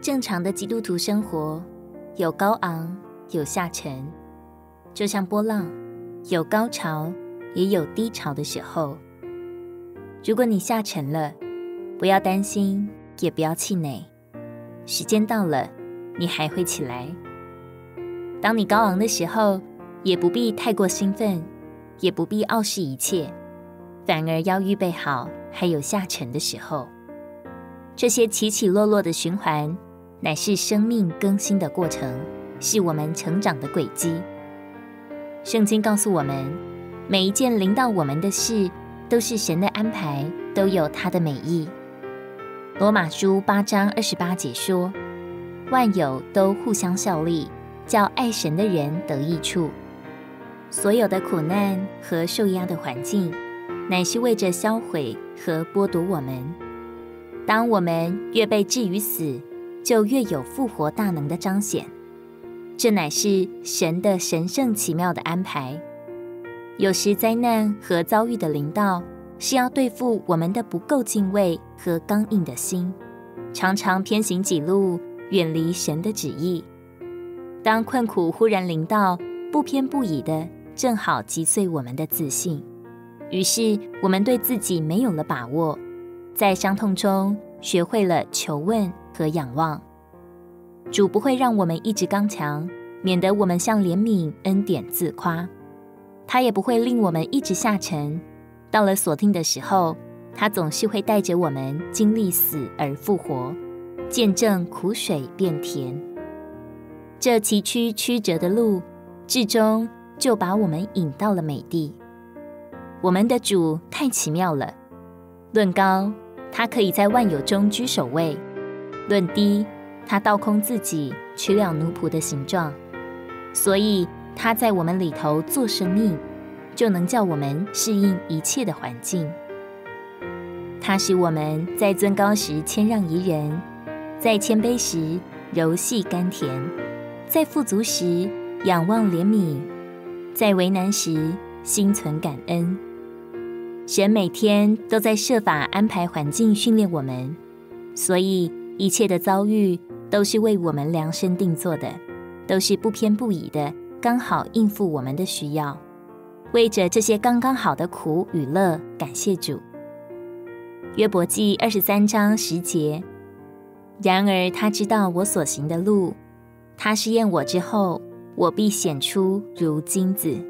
正常的基督徒生活有高昂有下沉，就像波浪，有高潮也有低潮的時候。如果你下沉了，不要擔心，也不要氣餒，時間到了，你還會起來。當你高昂的時候，也不必太過興奮，也不必傲視一切，反而要預備好還有下沉的時候。這些起起落落的循環，乃是生命更新的過程，是我們成長的軌跡。聖經告訴我們，每一件臨到我們的事，都是神的安排，都有他的美意。羅馬書八章二十八節說：“萬有都互相效力，叫愛神的人得益處。”所有的苦難和受壓的環境，乃是為着銷毀和剝奪我們。當我們越被置於死，就越有復活大能的彰顯，這乃是神的神聖奇妙的安排。有時災難和遭遇的臨到，是要對付我們的不夠敬畏和剛硬的心，常常偏行己路，遠離神的旨意。當困苦忽然臨到，不偏不倚的正好擊碎我們的自信，於是我們對自己沒有了把握，在傷痛中學會了求問和仰望，主不會讓我們一直剛強，免得我們向憐憫恩典自誇；他也不會令我們一直下沉。到了所定的時候，他總是會帶着我們經歷死而復活，見證苦水變甜。這崎嶇曲折的路，至終就把我們引到了美地。我們的主太奇妙了！論高，他可以在萬有中居首位。頓低，他倒空自己，取了奴僕的形狀，所以他在我們裡頭做生命，就能叫我們適應一切的環境。他使我們在尊高時謙讓宜人，在謙卑時柔細甘甜，在富足時仰望憐憫，在為難時心存感恩。神每天都在設法安排環境訓練我們，所以。一切的遭遇都是為我們量身定做的，都是不偏不倚的，剛好應付我們的需要。為着這些剛剛好的苦與樂，感謝主。約伯記二十三章十節。然而他知道我所行的路，他試驗我之後，我必顯出如金子。